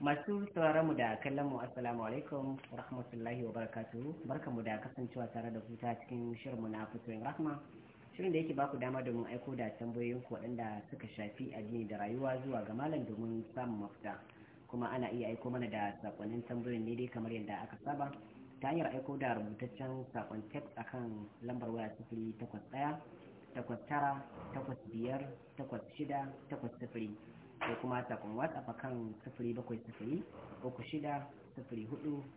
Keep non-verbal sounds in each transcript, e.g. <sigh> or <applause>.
masu sauraron mu da kallon mu assalamu alaikum wa rahmatullahi wa barakatuhu barkanmu da kasancewa tare da huta cikin shirinmu na fitoyin rahma shirin da yake baku dama domin aiko da tambayoyin ku waɗanda suka shafi addini da rayuwa zuwa ga malam domin samun mafita kuma ana iya aiko mana da sakonnin tambayoyin ne dai kamar yadda aka saba ta hanyar aiko da rubutaccen sakon text kan lambar waya sifili takwas ɗaya takwas tara takwas biyar takwas shida takwas sifili ko kuma ta watsa a kan 0706 36 04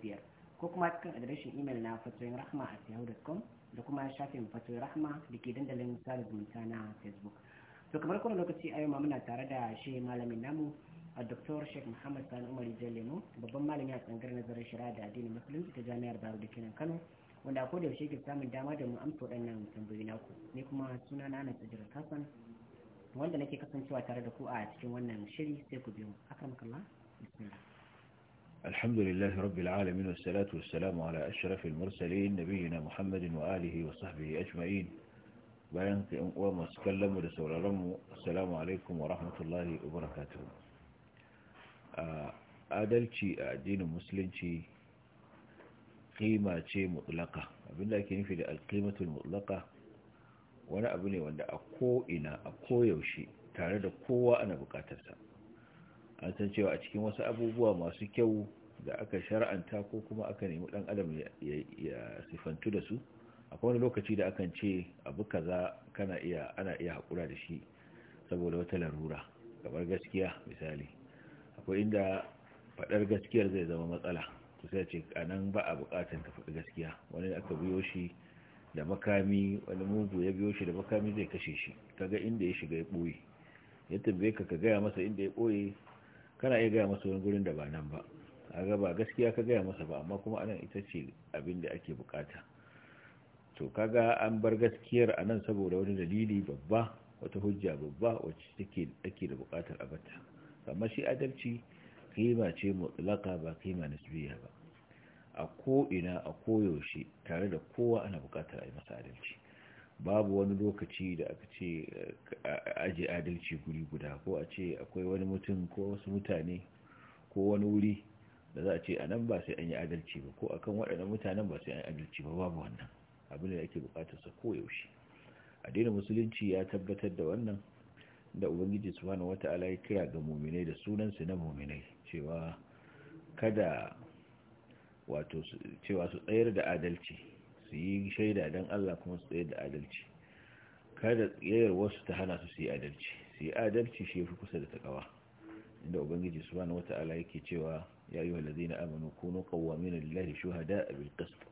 biyar ko kuma cikin adireshin imel na fatoyin rahma a yahoo.com da kuma shafin fatoyin rahma da ke dandalin sada zumunta na facebook to kamar kuma lokaci a yau ma muna tare da shi malamin namu a Dr. Sheikh Muhammad Sani Umar Jalemu babban malami a tsangar nazarin shari'a da addinin musulunci ta jami'ar Bayero da kenan Kano wanda a yaushe ke samun dama da mu amsa waɗannan tambayi naku ni kuma suna na Anas kasan wanda nake kasancewa tare da ku a cikin wannan shiri sai ku biyo akramakallah bismillah الحمد لله رب العالمين والصلاة والسلام على أشرف المرسلين نبينا محمد وآله وصحبه أجمعين بيان وما سكلم رسول رم السلام عليكم ورحمة الله وبركاته أدلتي الدين المسلم قيمة مطلقة أبن لكن في القيمة المطلقة wani abu ne wanda a ko ina a koyaushe tare da kowa ana bukatarsa an san cewa a cikin wasu abubuwa masu kyau da aka shar'anta ko kuma aka nemi dan adam ya sifantu da su akwai wani lokaci da akan ce abu kaza kana iya ana iya hakura da shi saboda wata larura kamar gaskiya misali akwai inda fadar gaskiyar zai zama matsala to sai ce anan ba a bukatar ka faɗi gaskiya wani aka biyo shi da makami wani mugu ya biyo shi da makami zai kashe shi kaga inda ya shiga ya ɓoye ya tambaye ka ka gaya masa inda ya ɓoye kana iya gaya masa wani gurin da ba nan ba kaga ba gaskiya ka gaya masa ba amma kuma anan ita ce abin da ake bukata to kaga an bar gaskiyar a nan saboda wani dalili babba wata hujja babba wacce take take da bukatar a amma shi adalci kima ce mutlaka ba kima nisbiya ba a ko'ina a koyaushe tare da kowa ana bukatar a yi masa adalci babu wani lokaci da aka ce aje adalci guri guda ko a ce akwai wani mutum ko wasu mutane ko wani wuri da za a ce a nan ba sai an yi adalci ba ko akan waɗannan mutanen ba sai an yi adalci ba babu wannan abin da ake sa koyaushe addinin musulunci ya tabbatar da wannan da ubangiji subhanahu wata'ala ya kira ga muminai da sunansa na muminai cewa kada wato cewa su tsayar da adalci su yi shaida don Allah kuma su tsayar da adalci kada tsayar wasu ta hana su su yi adalci su yi adalci shi fi kusa da takawa inda ubangiji subhanahu wata'ala yake cewa ya ayyuha na amanu kunu qawwamina lillahi shuhada'a bil qist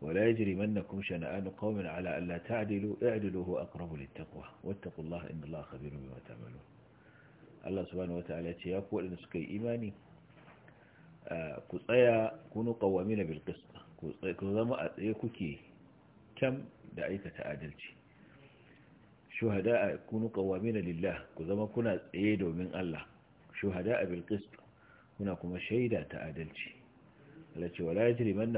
wa la yajrimannakum shana'anu qawmin ala allah ta'dilu i'dilu huwa aqrabu lit taqwa wattaqullaha innallaha khabirun bima ta'malun Allah subhanahu wata'ala ya ce ya kuwa suka yi imani Eh, ku tsaya kunu kawami na qist ku zama a tsaye kuke kyam da aikata adalci shuhada a kunu na lillah ku zama kuna tsaye domin Allah shuhada a qist kuna kuma shaida ta adalci alace wala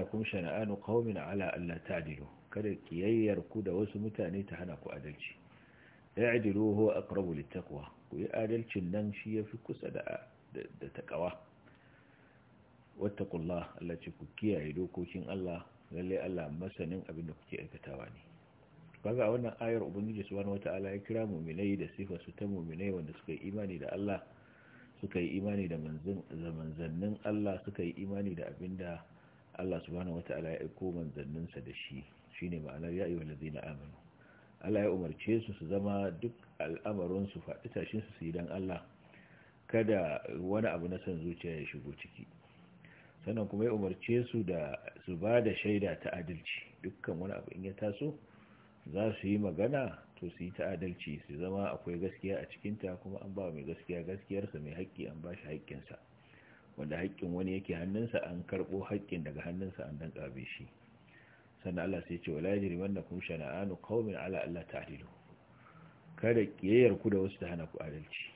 kuma shana'anu qaumin ala allah ta adilu kada kiyayyar ku da wasu mutane ta hana ku adalci ya'dilu huwa aqrabu littaqwa ku yi adalcin nan shi yafi kusa da da takawa wattaqullah Allah ce ku kiyaye dokokin Allah lalle Allah masanin abin da kuke aikatawa ne kaga wannan ayar ubangiji subhanahu wataala ya kira mu'minai da sifa su ta mu'minai wanda suka yi imani da Allah suka yi imani da manzannin Allah suka yi imani da abinda Allah subhanahu wataala ya aiko manzanninsa da shi shine ma'anar ya ayyuhal ladina amanu Allah ya umarce su su zama duk al'amarin su faɗi tashin su su yi dan Allah kada wani abu na san zuciya ya shigo ciki sannan kuma ya umarce su da su ba da shaida ta adalci dukkan wani abu in ya taso za su yi magana to su yi ta adalci su zama akwai gaskiya a cikinta kuma an ba mai gaskiya gaskiyarsa mai haƙƙi an ba shi haƙƙinsa wanda haƙƙin wani yake hannunsa an karɓo haƙƙin daga hannunsa an danƙabe shi sannan Allah sai ce "Wa wala yajri wannakum shana'anu qaumin ala ta adilu kada ƙiyayyar ku da wasu ta hana ku adalci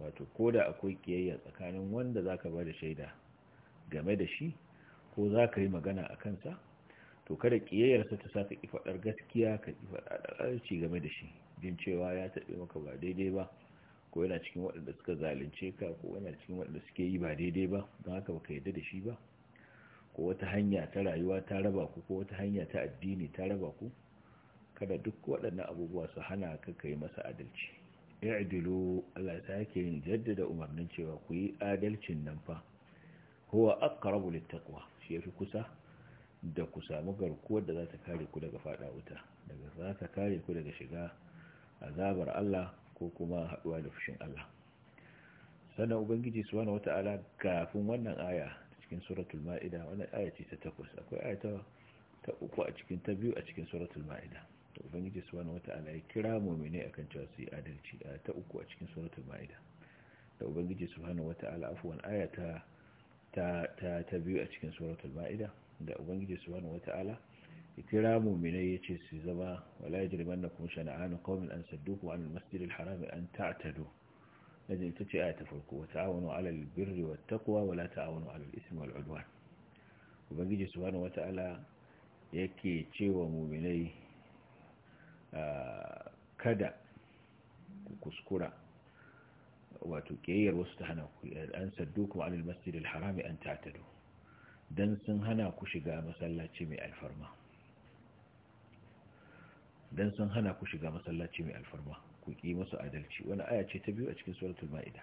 wato koda akwai kiyayya tsakanin wanda zaka ba da shaida game da shi ko za ka yi magana a kansa to kada ƙiyayyarsa ta sa ka ƙi faɗar gaskiya ka ƙi game da shi jin cewa ya taɓe maka ba daidai ba ko yana cikin waɗanda suka zalunce ka ko yana cikin waɗanda suke yi ba daidai ba don haka ka yarda da shi ba ko wata hanya ta rayuwa ta raba ku ko wata hanya ta addini ta raba ku kada duk waɗannan abubuwa su hana ka yi masa adalci i'dilu Allah ta yake yin jaddada umarnin cewa ku yi adalcin nan fa huwa aqrabu littaqwa shi yafi kusa da ku samu garkuwar da za ta kare ku daga fada wuta daga za ta kare ku daga shiga azabar Allah ko kuma haduwa da fushin Allah sannan ubangiji subhanahu wataala kafin wannan aya cikin suratul ma'ida wannan aya ce ta takwas akwai aya ta ta uku a cikin ta biyu a cikin suratul ma'ida to ubangiji subhanahu wataala ya kira mu'mini akan cewa su yi adalci ta uku a cikin suratul ma'ida da ubangiji subhanahu wataala afwan aya ta ta ta biyu a cikin suratul ma'ida da ubangiji subhanahu wata'ala ikira kira mu'minai yace su zama wala yajrimannakum shana'anu qaumin an sadduku an al-masjidil haram an ta'tadu lajin ita ce ta farko wa ta'awunu 'alal birri wat taqwa wala ta'awunu 'alal ismi wal 'udwan ubangiji subhanahu wata'ala yake cewa mu'minai ah, kada ku kuskura wato keyar wasu ta hana ku an saddu ku a masjid al-harami an tatado dan sun hana ku shiga masallaci mai alfarma dan masu adalci wani aya ce ta biyu a cikin suratul maida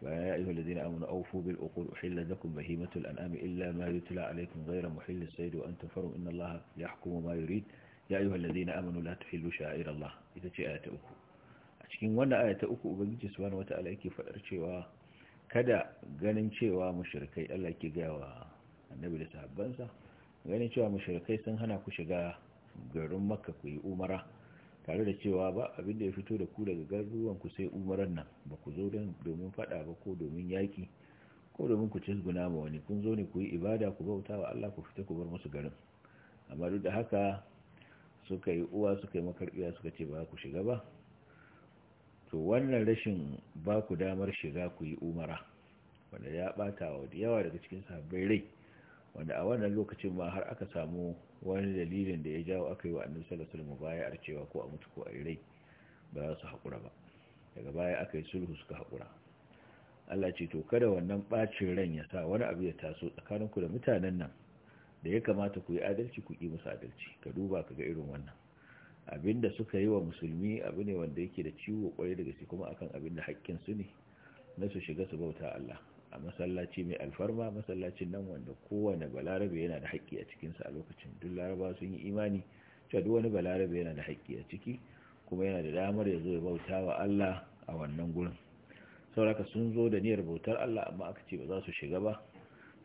wa ya ayyuhal ladina amanu awfu bil uqud uhilla lakum bahimatul an'ami illa ma yutla alaykum ghayra muhillis sayd wa antum farum inna allaha yahkumu ma yurid ya ayyuhal ladina amanu la tuhillu sha'ira allah ita ce aya ta uku cikin wannan aya ta uku ubangiji subhanahu wata'ala yake fadar cewa kada ganin cewa mushrikai Allah yake ga wa annabi da sahabbansa ganin cewa mushrikai sun hana ku shiga garin makka ku yi umara tare da cewa ba abin da ya fito da ku daga garuruwan ku sai umaran nan ba ku zo domin fada ba ko domin yaki ko domin ku cizguna ma wani kun zo ne ku yi ibada ku bauta wa Allah ku fita ku bar musu garin amma duk da haka suka yi uwa suka yi makarbiya suka ce ba ku shiga ba to wannan rashin ba ku damar shiga ku yi umara wanda ya bata wa da yawa daga cikin sahabbai rai wanda a wannan lokacin ma har aka samu wani dalilin da ya jawo aka yi wa annabi sallallahu alaihi wasallam bayar cewa ko a mutu ko a yi rai ba za su haƙura ba daga baya aka yi sulhu suka haƙura Allah ce to kada wannan ɓacin ran ya sa wani abu ya taso tsakaninku da mutanen nan da ya kamata ku yi adalci ku yi musu adalci ka duba ka ga irin wannan abinda suka yi wa musulmi abu ne wanda yake da ciwo kwarai da gaske kuma akan abin da su ne na su shiga su bauta Allah a masallaci mai alfarma masallacin nan wanda kowane balarabe yana da hakki a cikinsa a lokacin duk laraba sun yi imani cewa duk wani balarabe yana da haƙƙi a ciki kuma yana da damar ya zo ya bauta wa Allah a wannan gurin sauraka sun zo da niyyar bautar Allah amma aka ce ba za su shiga ba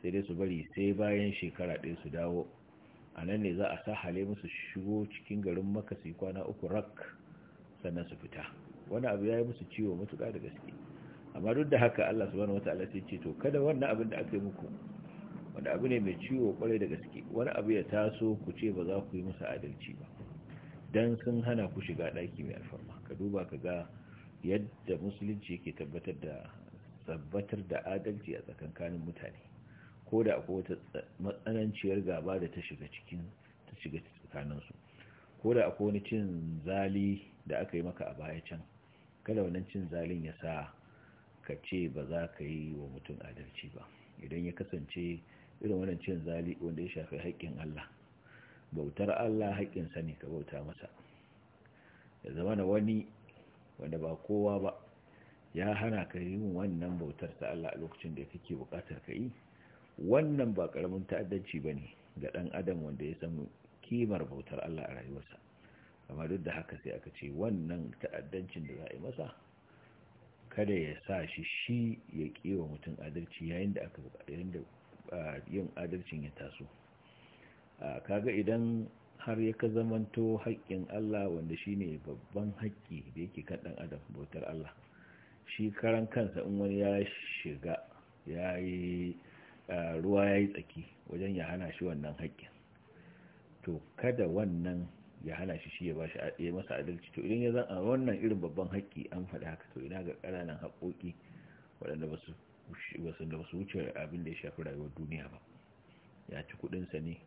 sai dai su bari sai bayan shekara ɗaya su dawo a nan ne za a sa hale musu shigo cikin garin maka kwana uku rak sannan su fita wani abu ya yi musu ciwo matuka da gaske amma duk da haka Allah su wataala wata ce to kada wannan abin da aka yi muku wanda abu ne mai ciwo kwarai da gaske wani abu ya taso ku ce ba za ku yi musu adalci ba dan sun hana ku shiga ɗaki mai alfarma ka duba ka ga yadda musulunci yake tabbatar da tabbatar da adalci a tsakankanin mutane ko da akwai wata matsananciyar gaba da ta shiga cikin ta shiga tsakaninsu ko da akwai wani cin zali da aka yi maka a baya can kada wannan cin zalin ya sa ka ce ba za ka yi wa mutum adalci ba idan ya kasance irin wannan cin zali wanda ya shafi haƙƙin Allah bautar Allah haƙƙinsa ne ka bauta masa ya zama na wani wanda ba kowa ba ya hana ka yi wannan bautar ta Allah a lokacin da kake buƙatar ka yi wannan ba karamin ta'addanci ba ne ga ɗan adam wanda ya san kimar bautar Allah a rayuwarsa amma duk da haka sai aka ce wannan ta'addancin da za a yi masa kada ya sa shi shi ya kiwa mutum adalci yayin da aka yayin da yin adalcin ya taso kaga idan har ya ka zamanto haƙƙin Allah wanda shine babban haƙƙi da yake kan ɗan adam bautar Allah shi karan kansa in wani ya shiga ya yi Eh, ruwa ya yi tsaki wajen ya hana shi wannan haƙƙin to kada wannan ya hana shi shi ya ba shi ya masa adalci to idan ya zan a wannan irin babban haƙƙi an faɗi haka to ina ga ƙananan haƙoƙi waɗanda ba su wuce abin da ya shafi rayuwar duniya ba ya ci kuɗinsa ne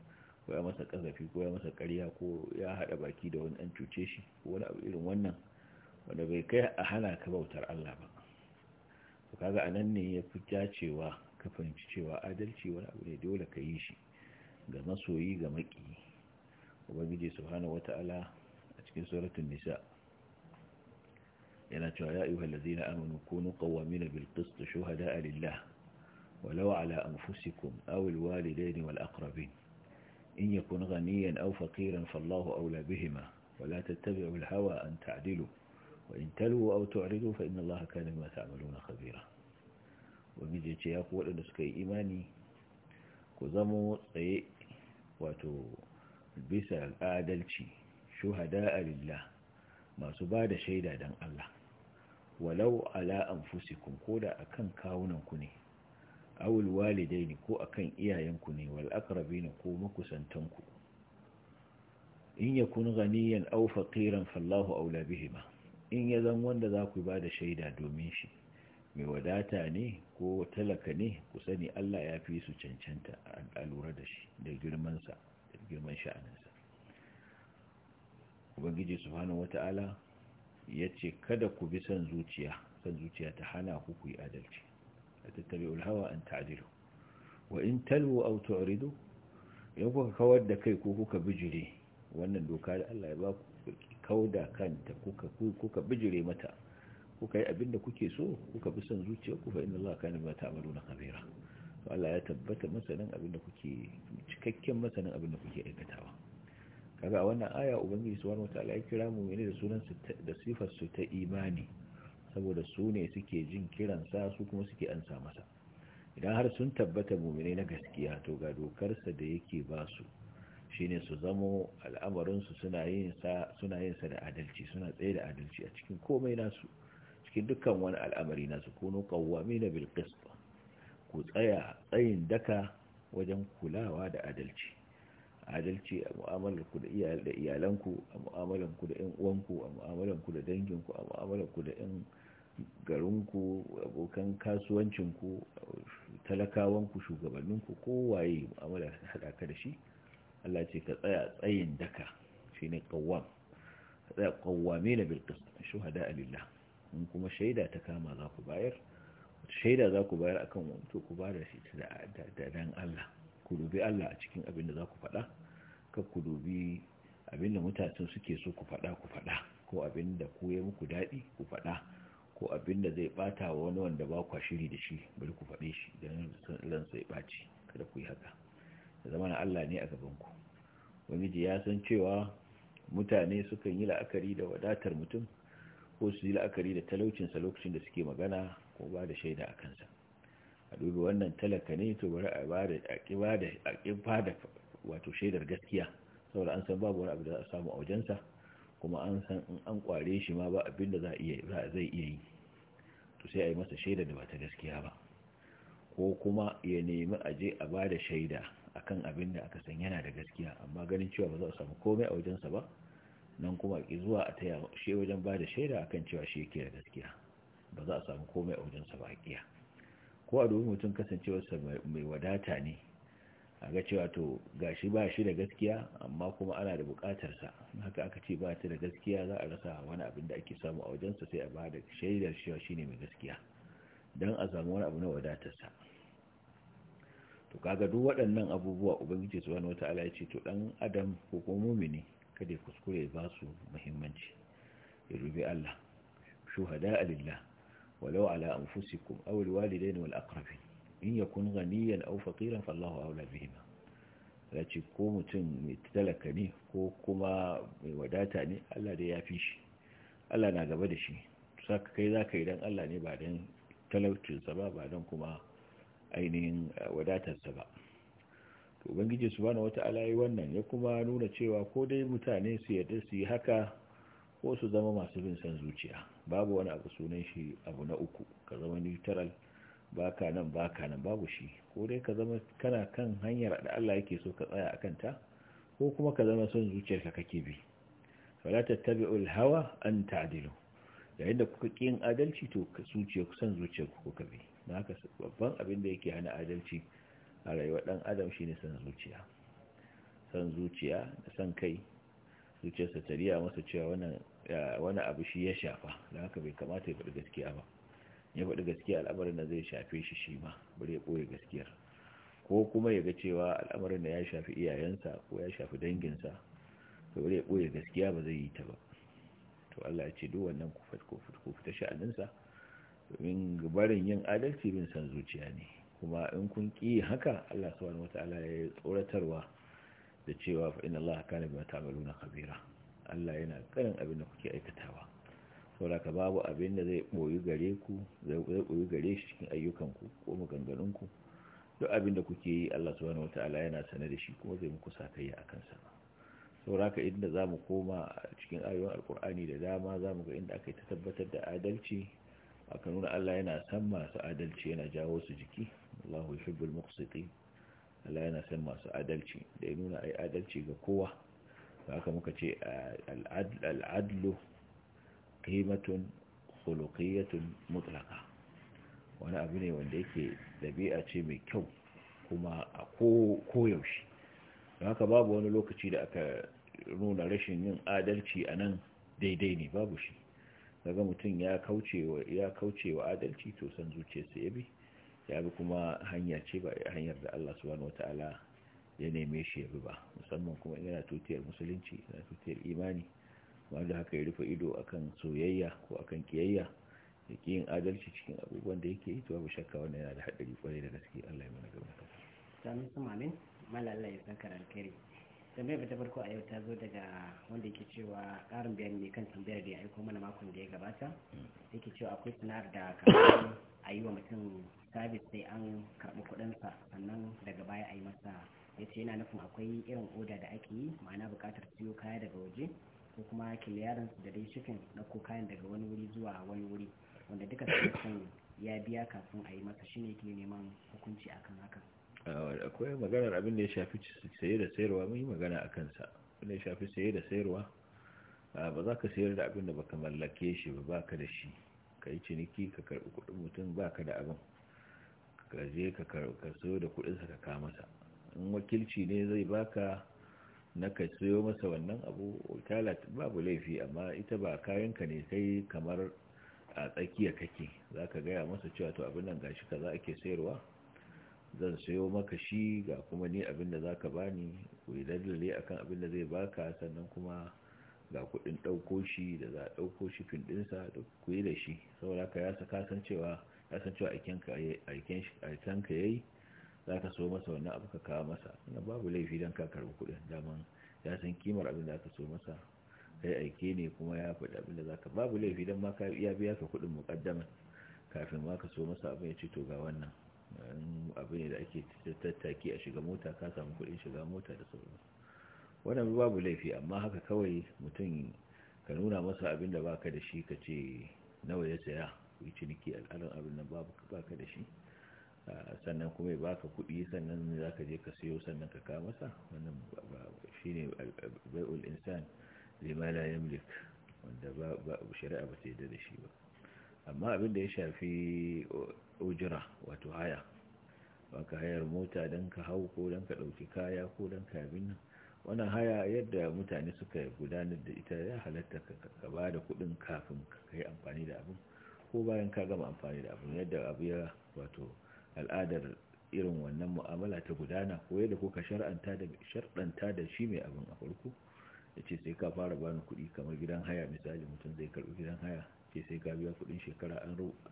ko ya masa ƙazafi ko ya masa ƙarya ko ya haɗa baki da wani an cuce shi ko wani abu irin wannan wanda bai kai a hana ka bautar Allah ba to kaga anan ne ya fi dacewa ka fahimci cewa adalci wani abu ne dole ka yi shi ga masoyi ga maki ubangiji subhanahu wata'ala a cikin suratul nisa yana cewa ya ayyuhal ladzina amanu kunu qawamin bil qist shuhada'a lillah walau ala anfusikum aw al walidayni wal aqrabin in yakun ghaniyan aw faqiran fallahu awla bihima ولا تتبعوا الهوى أن تعدلوا وإن تلووا أو تعرضوا فإن الله كان بما تعملون خبيرا ubangiji ce ya ku waɗanda suka yi imani ku zamo tsaye wato bisa al'adalci shuhada a lillah masu ba da shaida don Allah walau ala anfusikum ko da akan kawunanku ne awul walidaini ko akan iyayenku ne wal aqrabina ko makusantanku in ya yakun ganiyan aw faqiran fallahu aula bihima in ya zan wanda za ku ba da shaida domin shi mai wadata ne ko talaka ne ku sani Allah ya fi su cancanta a lura da shi da girmansa da girman sha'aninsa ubangiji hana wata'ala ya ce kada ku bi son zuciya san zuciya ta hana ku ku yi adalci a tattabi ulhawa an ta'adilu wa in talwo a rido? Yau kuka kawar da kai ko kuka bijire wannan doka da Allah ya ba ku kauda kanta kuka kuka bijire mata kuka yi abin da kuke so kuka bi son zuciya ku fa inna Allah kana ma na khabira to Allah ya tabbata masanin abin da kuke cikakken masanin abin da kuke aikatawa kaga wannan aya ubangiji subhanahu wataala ya kira mu ne da sunan da sifar su ta imani saboda su ne suke jin kiran sa su kuma suke ansa masa idan har sun tabbata mu mu'mine na gaskiya to ga dokar sa da yake ba su shine su zamo al'amarin su suna yin sa suna yin sa da adalci suna tsaye da adalci a cikin komai nasu cikin dukkan wani al'amari na su kuno kawwami na bilkisba ku tsaya tsayin daka wajen kulawa da adalci adalci a mu'amalarku da iyalanku a mu'amalanku da 'yan uwanku a mu'amalanku da danginku a mu'amalanku da 'yan garinku abokan kasuwancinku talakawanku shugabanninku kowaye mu'amala ta haɗa ka da shi Allah ce ka tsaya tsayin daka shine qawwam ka tsaya kawwame na qist shuhada lillah in kuma shaida ta kama za ku bayar shaida za ku bayar akan wato ku bada shi da dan Allah ku dubi Allah a cikin abin da za ku faɗa ka ku dubi abin da mutanen suke so ku faɗa ku faɗa ko abin da ku ya muku daɗi ku faɗa ko abin da zai ɓata wa wani wanda ba kwa shiri da shi bari ku faɗe shi don ran sai ɓaci kada ku yi haka da zama na Allah ne a gaban ku. wani ji ya san cewa mutane sukan yi la'akari da wadatar mutum ko su yi la'akari da talaucinsa lokacin da suke magana ko ba da shaida a kansa a dubi wannan talaka ne to bari a ba da ba da wato shaidar gaskiya saboda an san babu wani abu da za a samu a wajensa kuma an san in an kware shi ma ba abin da zai iya yi to sai a yi masa shaida da ba ta gaskiya ba ko kuma ya nemi a je a ba da shaida akan abin da aka san yana da gaskiya amma ganin cewa ba za a samu komai a wajensa ba nan kuma ki zuwa a taya shi wajen ba da shaida akan cewa shi yake da gaskiya ba za a samu komai a wajen sa baƙiya ko a domin mutum kasancewarsa mai wadata ne a ga cewa to gashi ba shi da gaskiya amma kuma ana da sa haka aka ce ba ta da gaskiya za a rasa wani abin da ake samu a wajen sa sai a ba da shaidar cewa shi ne mai gaskiya dan a samu wani abu na wadatarsa to ga duk waɗannan abubuwa ubangiji subhanahu wataala ya ce to dan adam ko kuma mumini kada ya kuskure ba su muhimmanci ya rubi Allah shuhada alillah walau ala anfusikum aw alwalidayn wal aqrabin in yakun ghaniyan aw faqiran fallahu aula bihima ya ko mutum mai talaka ne ko kuma mai wadata ne Allah da ya fi shi Allah na gaba da shi saka kai za ka Allah ne ba dan talaucinsa ba ba don kuma ainihin wadatarsa ba to su subhanahu wata yi wannan ya kuma nuna cewa ko dai mutane su yarda su yi haka ko su zama masu bin san zuciya babu wani abu sunan shi abu na uku ka zama neutral baka nan baka nan babu shi ko dai ka zama kana kan hanyar da Allah yake so ka tsaya akan ta ko kuma ka zama son zuciyarka kake bi fala tattabi'ul hawa an ta'dilu yayin da kuka ki yin adalci to zuciya ku san zuciyarku ka bi na haka babban abin da yake hana adalci a rayuwar ɗan adam shine san zuciya san zuciya da san kai zuciyarsa ta riya masa cewa wani abu shi ya shafa da haka bai kamata ya faɗi gaskiya ba ya faɗi gaskiya al'amarin da zai shafe shi shi ma bari ya ɓoye gaskiyar ko kuma ya ga cewa al'amarin da ya shafi iyayensa ko ya shafi danginsa to bari ya ɓoye gaskiya ba zai yi ta ba to Allah ya ce duk wannan ku fita sha'aninsa domin barin yin adalci bin san zuciya ne kuma in kun ƙi haka Allah subhanahu wata'ala ya tsoratarwa da cewa fa inna Allah kana bima ta'maluna khabira Allah yana karin abin da kuke aikatawa saboda ka babu abin da zai boyi gare ku zai boyi gare shi cikin ayyukan ku ko maganganun ku duk abin da kuke yi Allah subhanahu wata'ala yana sanar da shi kuma zai muku sakayya akan sa saboda ka inda zamu koma cikin ayoyin alkur'ani da dama zamu ga inda aka tabbatar da adalci aka nuna Allah yana san masu adalci yana jawo su jiki Allahu yuhibbul muqsitin Allah yana san masu adalci da ya nuna ai adalci ga kowa haka muka ce al'adlu qimatun khuluqiyatun mutlaqa wani abu ne wanda yake dabi'a ce mai kyau kuma a koyaushe da haka babu wani lokaci da aka nuna rashin yin adalci a nan daidai ne babu shi daga mutum ya kauce wa adalci to san zuciyarsa ya bi ya bi kuma hanya ce ba hanyar da Allah subhanahu wataala ya neme shi ya bi ba musamman kuma yana tutiyar musulunci yana tutiyar imani wanda haka ya rufe ido akan soyayya ko akan kiyayya da yin adalci cikin abubuwan da yake to babu shakka wannan yana da haɗari kwarai da gaske Allah ya mana gaba da sami su mamin ya zakar alkhairi tambayar ta farko a yau ta zo daga wanda yake cewa ƙarin bayani ne kan tambayar da ya aiko mana makon da ya gabata hmm. yake cewa akwai sana'ar da kamar a yi wa mutum sabis sai an karɓi kuɗinsa sannan daga baya a yi masa ya ce yana nufin akwai irin oda da ake yi ma'ana buƙatar siyo kaya daga waje ko kuma su da dai shifin ko kayan daga wani wuri zuwa wani wuri wanda duka sun ya biya kafin a yi masa shine ke neman hukunci akan haka akwai maganar abin da ya shafi saye da sayarwa mun yi magana a kansa abin da ya shafi saye da sayarwa ba za ka sayar da abin da baka mallake shi ba baka da shi ka yi ciniki ka karɓi kuɗin mutum baka da abin ka je ka sayo da sa ka kama masa in wakilci ne zai baka na ka sayo masa wannan abu wakala babu laifi amma ita ba kayanka ne sai kamar a tsakiya kake za ka gaya masa cewa to abin nan gashi kaza ake sayarwa zan sayo maka shi ga kuma ni abin da za ka bani ku yi a akan abin da zai baka sannan kuma ga kudin ɗauko shi da za a ɗauko shi fin ɗinsa da ku yi da shi saboda ka ya saka san cewa ya san cewa aikinka ka yi za ka so masa wannan abu ka kawo masa na babu laifi don ka kudin daman ya san kimar abin da aka so masa kai aike ne kuma ya faɗi abin da za ka babu laifi don ma ya biya ka kudin mukaddama kafin ma ka so masa abin ya ce to ga wannan abin da ake tattaki a shiga mota ka samu kudin shiga mota da sauran wannan babu laifi amma haka kawai mutum ka nuna masa abin da baka da shi ka ce nawa ya saya yi ciniki al'adun abin nan babu baka da shi sannan kuma ya baka kuɗi sannan za ka je ka siyo sannan ka kama sa wannan shi ne bai'ul insan limala mulik wanda ba shari'a ba ta yadda da shi ba amma abin da ya shafi ujira wato haya ba ka hayar mota don ka hau ko don ka ɗauki kaya ko don ka abin nan wannan haya yadda mutane suka gudanar da ita ya halatta ka ba da kuɗin kafin ka yi amfani da abin ko bayan ka gama amfani da abu yadda abu ya wato al'adar irin wannan mu'amala ta gudana ko yadda kuka shar'anta da shar'anta da shi mai abin a farko ya ce sai ka fara bani kuɗi kamar gidan haya misali mutum zai karbi gidan haya ce sai ka biya kuɗin shekara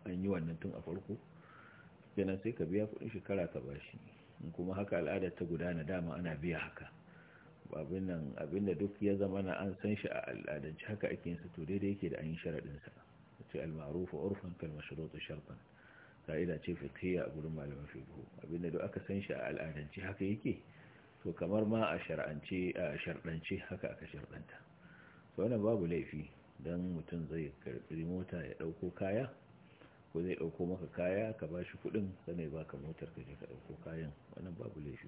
an yi wannan tun a farko kenan sai ka biya kuɗin shekara ka bashi kuma haka al'adar ta gudana dama ana biya haka abin da duk ya zama na an san shi a al'adance haka ake yin su to daidai yake da an yi sharaɗin sa ce al-ma'rufu urfan kal mashrutu shartan ka'ida ce fiqhiyya a gurin malamai fiqh abinda da aka san shi a al'adance haka yake to kamar ma a shar'ance a shardance haka aka shardanta to wannan babu laifi dan mutum zai karbi mota ya dauko kaya ko zai dauko maka kaya ka bashi kudin sanai baka motar ka je ka dauko kayan wannan babu laifi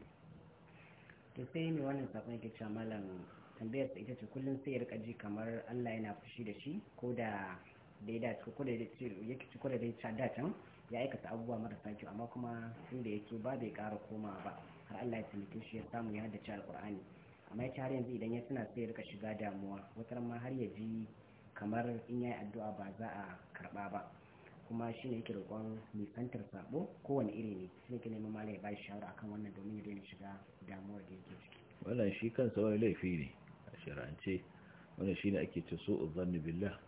to sai ne wannan sakon yake cewa malamin tambayar ita ce kullum sai ya rika ji kamar Allah yana fushi da shi ko da da ya dace ko da ya ko da ya ci ya aikata abubuwa marasa kyau amma kuma tun da yake ba bai kara koma ba har Allah ya tsinke shi ya samu ya haddace alqur'ani amma ya tare har yanzu idan ya tana sai ya rika shiga damuwa wata ma har ya ji kamar in ya yi addu'a ba za a karba ba kuma shi ne yake roƙon nisantar sabo kowane iri ne shi ne ke neman mala ya bashi shawara akan wannan domin ya daina shiga damuwar da yake ciki wannan shi kansa wani laifi ne a shari'ance wannan shi ne ake ce so zanni billah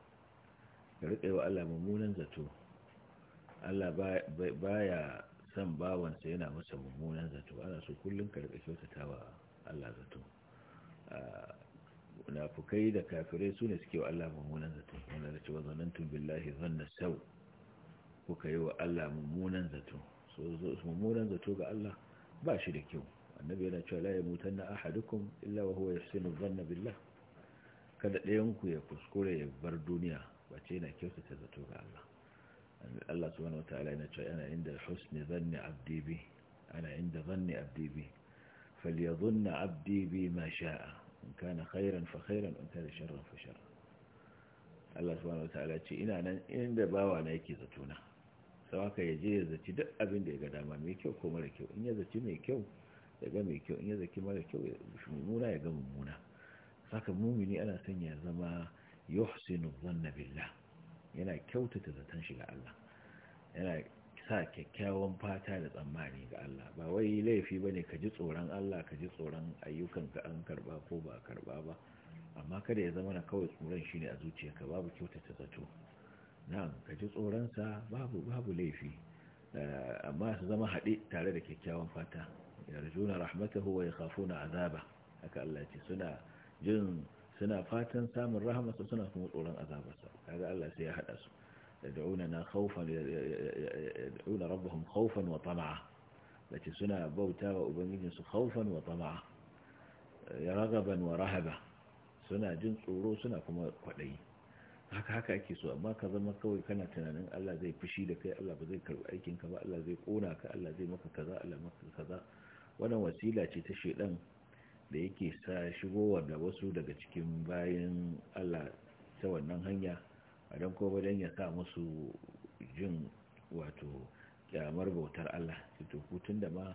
ka riƙe wa Allah mummunan zato Allah baya son bawansa yana masa mummunan zato ana so kullum ka riƙa kyautata wa Allah zato munafukai da kafirai su ne suke wa Allah mummunan zato wanda da cewa zanantum billahi zanna sau kuka yi wa Allah mummunan zato so mummunan zato ga Allah ba shi da kyau annabi yana cewa la na ahadukum illa wa huwa yahsinu dhanna billah kada ɗayan ku ya kuskure ya bar duniya bace yana kyautata zato ga Allah Allah subhanahu wataala yana cewa ana inda husni zanni abdi bi ana inda zanni abdi bi فليظن ma sha'a ما شاء إن كان خيرا فخيرا وإن كان fa فشرا Allah subhanahu wataala ce ina nan inda bawa na yake zato na, haka ya je ya zaci duk abin da ya ga dama mai kyau ko mara kyau in ya zaci mai kyau ya ga mai kyau in ya zaci mara kyau ya mummuna ya ga mummuna saka mumini ana sanya zama yuhsinu zanna billah yana kyautata zaton shi ga Allah yana sa kyakkyawan fata da tsammani ga Allah ba wai laifi bane ka ji tsoron Allah ka ji tsoron ayyukan ka an karba ko ba karba ba amma kada ya zama na kawai tsoron shine a zuciyarka babu kyautata zato na'am ka ji tsoron sa babu babu laifi eh, amma su zama haɗe tare da kyakkyawan fata yarjuna rahmatahu wa yakhafuna azaba haka Allah ce suna jin suna fatan samun rahamarsa suna kuma tsoron azabarsa kaga Allah sai ya hada su yad'una na khawfan yad'una rabbuhum khawfan wa tama'a lati suna bautawa ubangijin su khawfan wa tama'a ya ragaban wa rahaba suna jin tsoro suna kuma kwaɗayi. haka haka ake so amma ka zama kawai kana tunanin Allah zai fushi da kai Allah ba zai karbi aikin ka ba Allah zai kona ka Allah zai maka kaza Allah maka kaza wannan wasila ce ta shedan da yake sa shigowa da wasu daga cikin bayan Allah ta wannan hanya a don kuma don ya sa musu jin wato kyamar bautar Allah ito ku da ma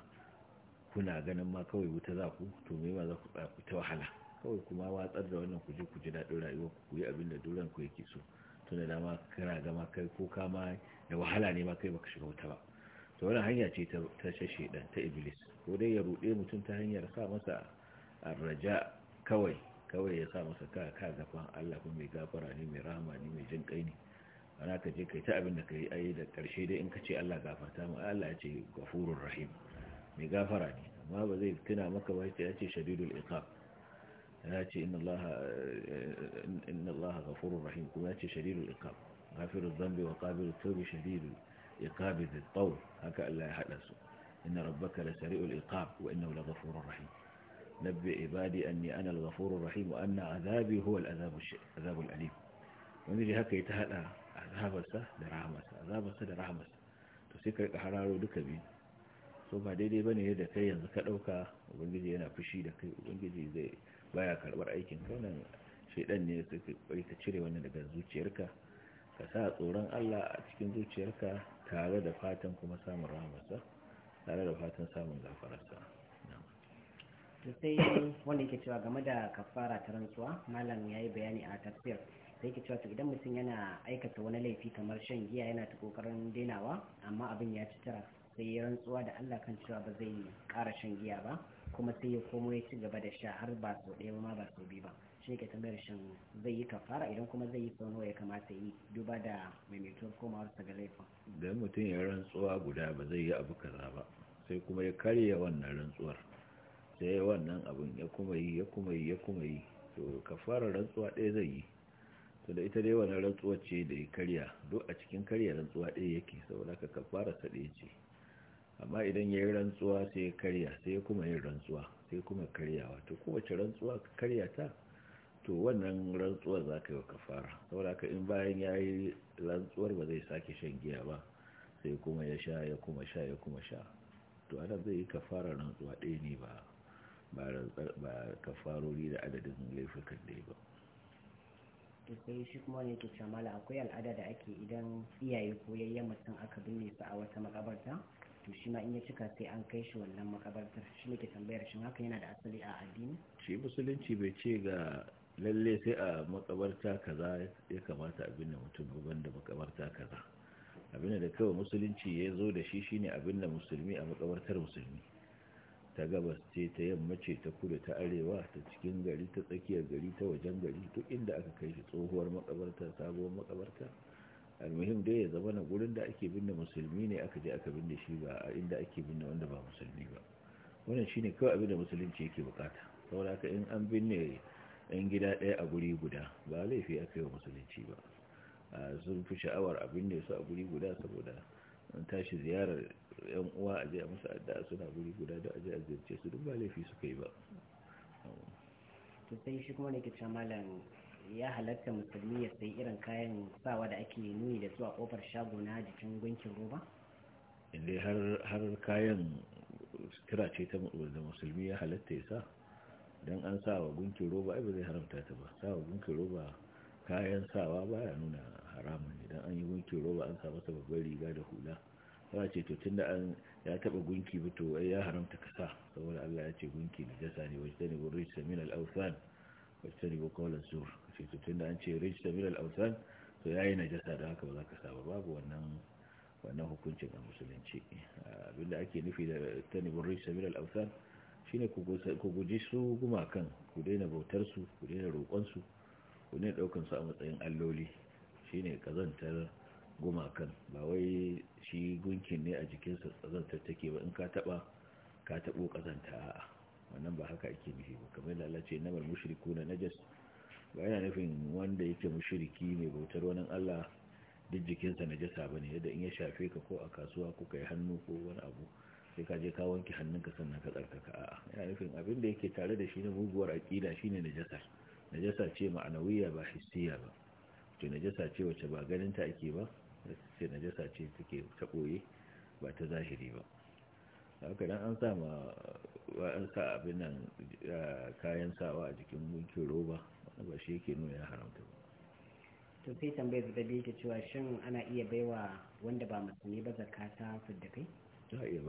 kuna ganin ma kawai wuta za ku to mai ma za ku ta wahala kawai kuma watsar da wannan kuje-kuje na ɗora daɗin rayuwa ku yi abin da duran ku yake so tun da dama kana gama kai ko kama da wahala ne ma kai baka shiga wuta ba to wannan hanya ce ta shashe ta iblis ko dai ya ruɗe mutum ta hanyar sa masa الرجاء كوي كوي يقام سكا كذا فان الله كم يغفر لي من رحمه لي من جنقيني انا كجي كاي تا اي دا قرشي دي ان كتي الله غفرت تام الله يجي غفور رحيم مي غفر ما بزي تنا مكا واي تي يجي شديد العقاب ياتي ان الله ان الله غفور رحيم كما يجي شديد العقاب غافر الذنب وقابل التوب شديد العقاب ذي الطول هكا الله يحدث ان ربك لسريع العقاب وانه لغفور رحيم nabbi ibadi anni ana al-ghafurur rahim anna azabi huwa al-azab al-alim wanda dai haka ya ta hada azabarsa da rahamarsa azabarsa da rahamarsa to sai ka rika duka biyu so ba daidai bane yadda kai yanzu ka dauka ubangiji yana fushi da kai ubangiji zai baya karbar aikin ka nan shedan ne sai ka cire wannan daga zuciyarka ka sa tsoron Allah a cikin zuciyarka tare da fatan kuma samun rahamarsa tare da fatan samun gafararsa to sai wanda yake cewa game da kafara ta rantsuwa malam ya yi bayani a tafiyar da yake cewa to idan mutum yana aikata wani laifi kamar shan giya yana ta kokarin dainawa amma abin ya ci tara sai ya rantsuwa da Allah kan cewa ba zai kara shan giya ba kuma sai ya komo ya ci gaba da sha har ba sau ɗaya ba ma ba sau biyu ba shi ne ke tambayar shan zai yi kafara idan kuma zai yi sau ya kamata yi duba da maimaitowar komawar sa ga laifin idan mutum ya rantsuwa guda ba zai yi abu kaza ba sai kuma ya karya wannan rantsuwar sai wannan abin ya kuma yi ya kuma yi ya kuma yi to kafara rantsuwa ɗaya zai yi to da ita dai wani rantsuwa ce da ya karya duk a cikin karya rantsuwa ɗaya yake saboda ka kafara ta ɗaya ce amma idan ya yi rantsuwa sai ya karya sai ya kuma yin rantsuwa sai kuma karyawa to kowace rantsuwa ka karya ta to wannan rantsuwa za ka yi wa kafara saboda ka in bayan ya yi rantsuwar ba zai sake shan giya ba sai kuma ya sha ya kuma sha ya kuma sha to ana zai yi kafara rantsuwa ɗaya ne ba ba kafarori da adadin laifukan da ba to sai shi kuma ne ke camala akwai al'ada da ake idan iyaye ko yayya mutum aka binne su a wata makabarta to shi ma in ya cika sai an kai shi wannan makabartar shi ne ke tambayar shi haka yana da asali a addini shi musulunci bai ce ga lalle sai a makabarta kaza ya kamata a binne mutum gaban da makabarta kaza abinda da kawai musulunci ya zo da shi shine abinda musulmi a makabartar musulmi ta gabas ce ta yamma ce ta kudu ta arewa ta cikin gari ta tsakiyar gari ta wajen gari duk inda aka kai shi tsohuwar makabarta sabuwar makabarta almuhim dai ya zama na gurin da ake binne musulmi ne aka je aka binne shi ba a inda ake binne wanda ba musulmi ba wannan shine kawai abin da musulunci yake bukata saboda haka in an binne yan gida ɗaya a guri guda ba laifi aka yi wa musulunci ba sun fi sha'awar abin da su a guri guda saboda an tashi ziyarar yan uwa a je musu addu'a suna guri guda da a a su duk ba laifi suka yi ba sai shi kuma ne ke cewa ya halatta musulmi ya sayi irin kayan sawa da ake nuni da su a kofar shago na jikin gunkin roba inda har kayan kira ce ta da musulmi ya halatta ya sa don an sawa gunkin roba ai ba zai haramta ta ba sawa gunkin roba kayan sawa baya nuna haramun idan an yi gunkin roba an sa masa babbar riga da hula ba ce to tunda an ya taba gunki ba to ya haramta kasa saboda Allah ya ce gunki da jasa ne wajen ne burri samin al-awsan wajen ne bukolan sur ce to tunda an ce rij samin al-awsan to yayi najasa da haka ba za ka saba babu wannan wannan hukuncin a musulunci abinda ake nufi da tani rich samin al-awsan shine ku guji su gumakan ku daina bautar su ku daina roƙon su ku ne daukan su a matsayin alloli shine kazantar gumakan ba wai shi gunkin ne a jikinsa tsazantar take ba in ka taba ka tabo kazanta a'a wannan ba haka ake nufi ba kamar lalace Allah ce mushriku na najas ba yana nufin wanda yake mushriki mai bautar wani Allah duk jikinsa najasa ne yadda in ya shafe ka ko a kasuwa ko kai hannu ko wani abu sai ka je ka wanke hannunka sannan ka tsarkaka a'a yana nufin abin da yake tare da shi na muguwar aqida shine najasa najasa ce ma'anawiya ba hissiya ba to najasa ce wacce ba ganin ta ake ba sai najasa ce take ta koye ba ta zahiri ba haka dan an sa ma an sa abin nan kayan sawa a jikin gunki roba ba shi yake nuna ya haramta ba to sai tambayar da biyu ke cewa shin ana iya baiwa wanda ba musulmi ba zakata fidda kai za a iya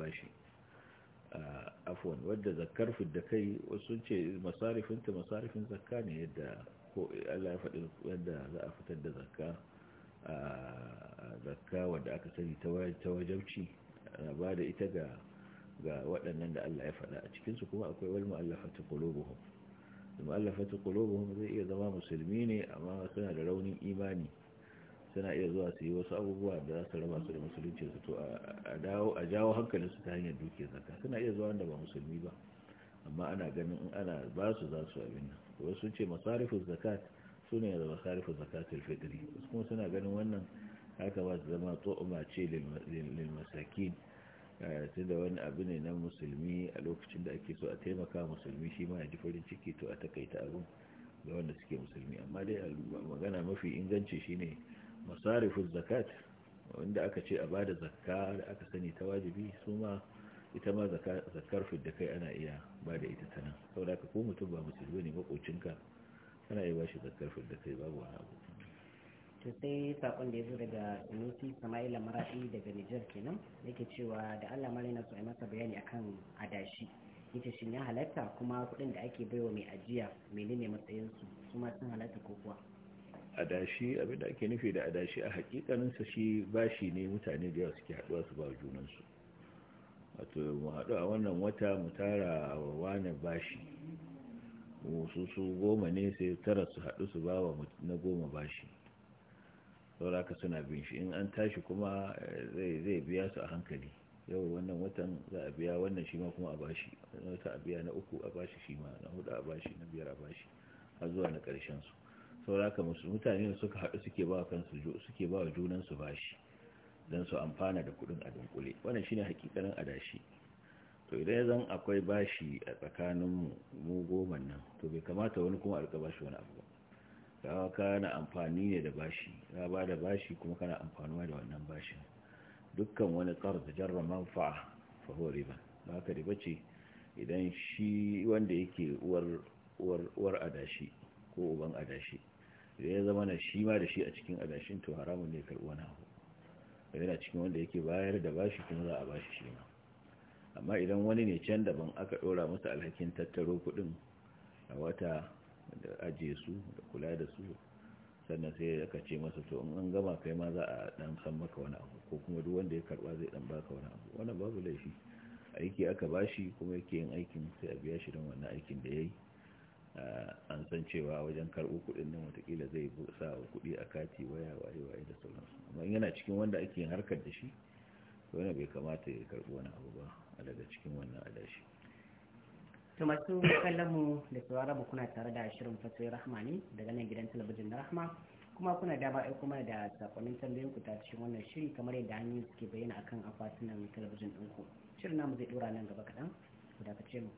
wadda zakar fidda kai wasu ce masarifinta masarifin zakka ne yadda ko Allah ya faɗi yadda za a fitar da zakka zakka wadda aka sani ta wajabci ana ba da ita ga ga waɗannan da Allah ya faɗa a cikinsu kuma akwai wal mu'allafatu qulubuhum mu'allafatu qulubuhum zai iya zama musulmi ne amma suna da raunin imani suna iya zuwa su yi wasu abubuwa da za su raba su da musulunci su to a jawo hankalin su ta hanyar dukiyar zakka suna iya zuwa wanda ba musulmi ba amma ana ganin in ana ba su za su abin nan wasu ce masarifin zakat su ne da masarifu zakatul fitri kuma suna ganin wannan haka ba su zama tso'uma ce lil masakin eh, da wani abu ne na musulmi a lokacin da ake so a taimaka musulmi shi ma ya ji farin ciki to a takaita abun ga wanda suke musulmi amma dai magana mafi inganci shine masarifin zakat wanda aka ce a bada zakka da aka sani ta wajibi su ma ita ma zakkar da kai ana iya bada ita ta nan saboda ka ko mutum ba musulmi ne makocinka ana yi bashi zakar fidda kai babu wani abu to sai sakon da ya zo daga sunusi sama'ila maraɗi daga nijar kenan yake cewa da allah mara yana so a masa bayani a kan adashi yace shi ya halatta kuma kuɗin da ake baiwa mai ajiya menene matsayinsu su kuma sun halatta ko kuwa adashi abin da ake nufi da adashi a sa shi bashi ne mutane da yawa suke haɗuwa su ba junansu wato mu haɗu a wannan wata mu tara wa wane bashi su su goma ne sai tara su haɗu su bawa na goma bashi sauraka suna bin shi in an tashi kuma eh, zai biya su a hankali yau wannan watan za a biya wannan shi ma kuma a bashi wata a biya na uku a bashi shi ma na hudu a bashi na biyar a bashi har zuwa na ƙarshen su sauraka mutane da suka haɗu suke ba kansu suke ba junan su bashi don su amfana da kuɗin a dunkule wannan shine hakikanin adashi to idan zan akwai bashi a tsakaninmu mu goma nan to bai kamata wani kuma alka bashi wani abu ka kana amfani ne da bashi ka ba da bashi kuma kana amfanuwa da wannan bashin dukkan wani da jarra manfa'a fa riba ba ka riba ce idan shi wanda yake uwar adashi ko uban adashi idan ya zama na shi ma da shi a cikin adashin to haramun ne karɓi wani abu yana cikin wanda yake bayar da bashi kuma za a bashi shi ma amma idan wani ne can daban aka ɗora masa alhakin tattaro kuɗin a wata da ajiye su da kula da su sannan sai aka ce masa to in an gama kai ma za a dan san maka wani abu ko kuma duk wanda ya karba zai dan baka wani abu wannan babu laifi aiki aka bashi kuma yake yin aikin sai a biya shi don wannan aikin da ya yi an san cewa wajen karɓo kuɗin nan watakila zai sa kuɗi a kati waya waye waye da sauransu amma yana cikin wanda ake yin harkar da shi to bai kamata ya karbi wani abu ba a daga cikin wannan adashi to masu kallonmu mu da tsawara mu kuna tare da shirin fasoyi rahma daga nan gidan talabijin na rahma kuma kuna dama aiko mana da sakonni tambayin ku ta cikin wannan shiri kamar yadda hanyoyi suke bayyana akan akwatunan talabijin ɗinku shirin namu zai dora nan gaba kaɗan ku dakace mu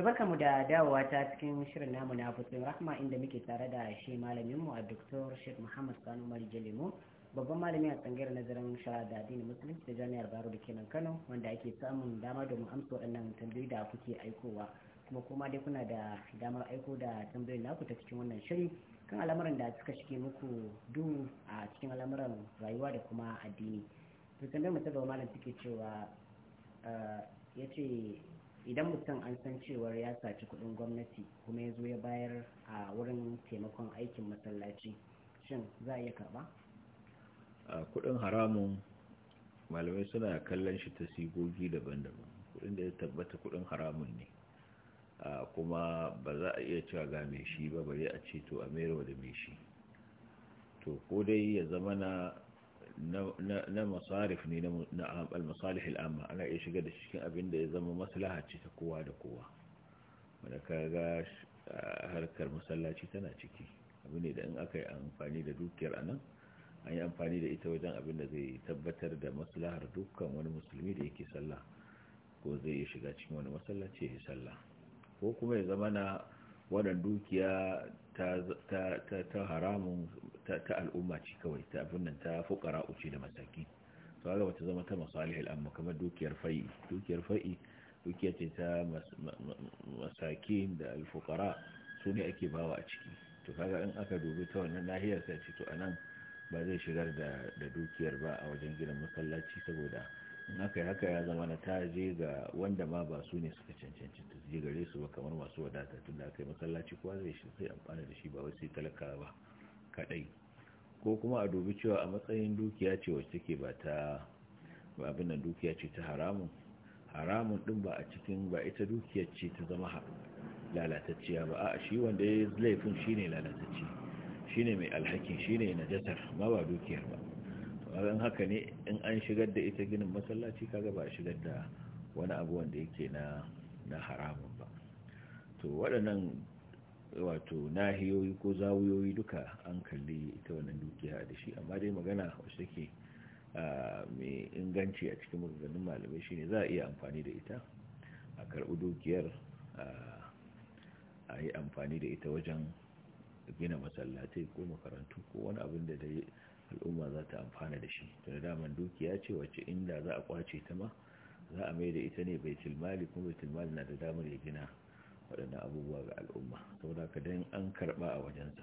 to barka mu da dawowa ta cikin shirin namu na fitsin rahma inda muke tare da shi malaminmu a doktor shek muhammad Sanu mari jalemo babban malami a tsangayar nazarin shara da addinin musulunci da jami'ar baro da kenan kano wanda ake samun dama domin amsa waɗannan tambayoyi da kuke aikowa kuma kuma dai kuna da damar aiko da tambayoyin naku ta cikin wannan shiri kan al'amuran da suka shige muku duhu a cikin al'amuran rayuwa da kuma addini to tambayar mu ta gaba malam take cewa eh, ya ce idan mutum an san cewar ya saci kudin gwamnati kuma ya zo ya bayar a wurin taimakon aikin masallaci shin za a iya karba a kudin haramun malamai suna kallon shi ta sigogi daban-daban kudin da ya tabbata kudin haramun ne kuma ba za a iya cewa ga mai shi ba bare a ce to a mero da mai shi to ko dai ya zama na na masarif ne na al-masalih al'amma ana iya shiga da cikin abin da ya zama maslaha ce ta kowa da kowa wanda ka ga harkar masallaci tana ciki abu ne da in aka yi amfani da dukiyar anan an yi amfani da ita wajen abin da zai tabbatar da maslahar dukkan wani musulmi da yake sallah ko zai iya shiga cikin wani masallaci ya sallah ko kuma ya zama na wannan dukiya ta haramun ta al'umma ce kawai ta abin nan ta fukara uce da mataki to kaga bata zama ta masalihil amma kamar dukiyar fai dukiyar fai dukiyar ce ta masaki da alfukara sune su ne ake bawa a ciki to kaga in aka dubi ta wannan nahiyar sai ce to anan ba zai shigar da da dukiyar ba a wajen gidan masallaci saboda in aka yi haka ya zama na ta je ga wanda ma ba su ne suka cancanci ta je gare su ba kamar masu wadata tun da aka yi masallaci kowa zai shi sai amfana da shi ba wai sai talaka ba Kaɗai ko kuma a dubi cewa a matsayin dukiya ce wacce take ba ta ba abin nan dukiya ce ta haramun haramun din ba a cikin ba ita dukiya ce ta zama lalatacciya ba a shi wanda ya laifin shi ne lalatacci ne mai alhakin shi ne na najasar ma ba dukiyar ba in haka ne in an shigar da ita ginin masallaci kaga ba a shigar da wani abu wanda yake na na haramun ba to waɗannan wato nahiyoyi ko zawuyoyi duka an kalli ita wannan dukiya da shi amma dai magana wasu take mai inganci a cikin maganin malamai shine za a iya amfani da ita a karbi dukiyar a yi amfani da ita wajen gina masallatai ko makarantu ko wani abin da dai al'umma za ta amfana da shi da daman dukiya ce wacce inda za a kwace ta ma za a mai da ita ne bai tilmali kuma bai tilmali na da damar ya gina waɗannan abubuwa ga al'umma saboda ka dan an karɓa a wajensa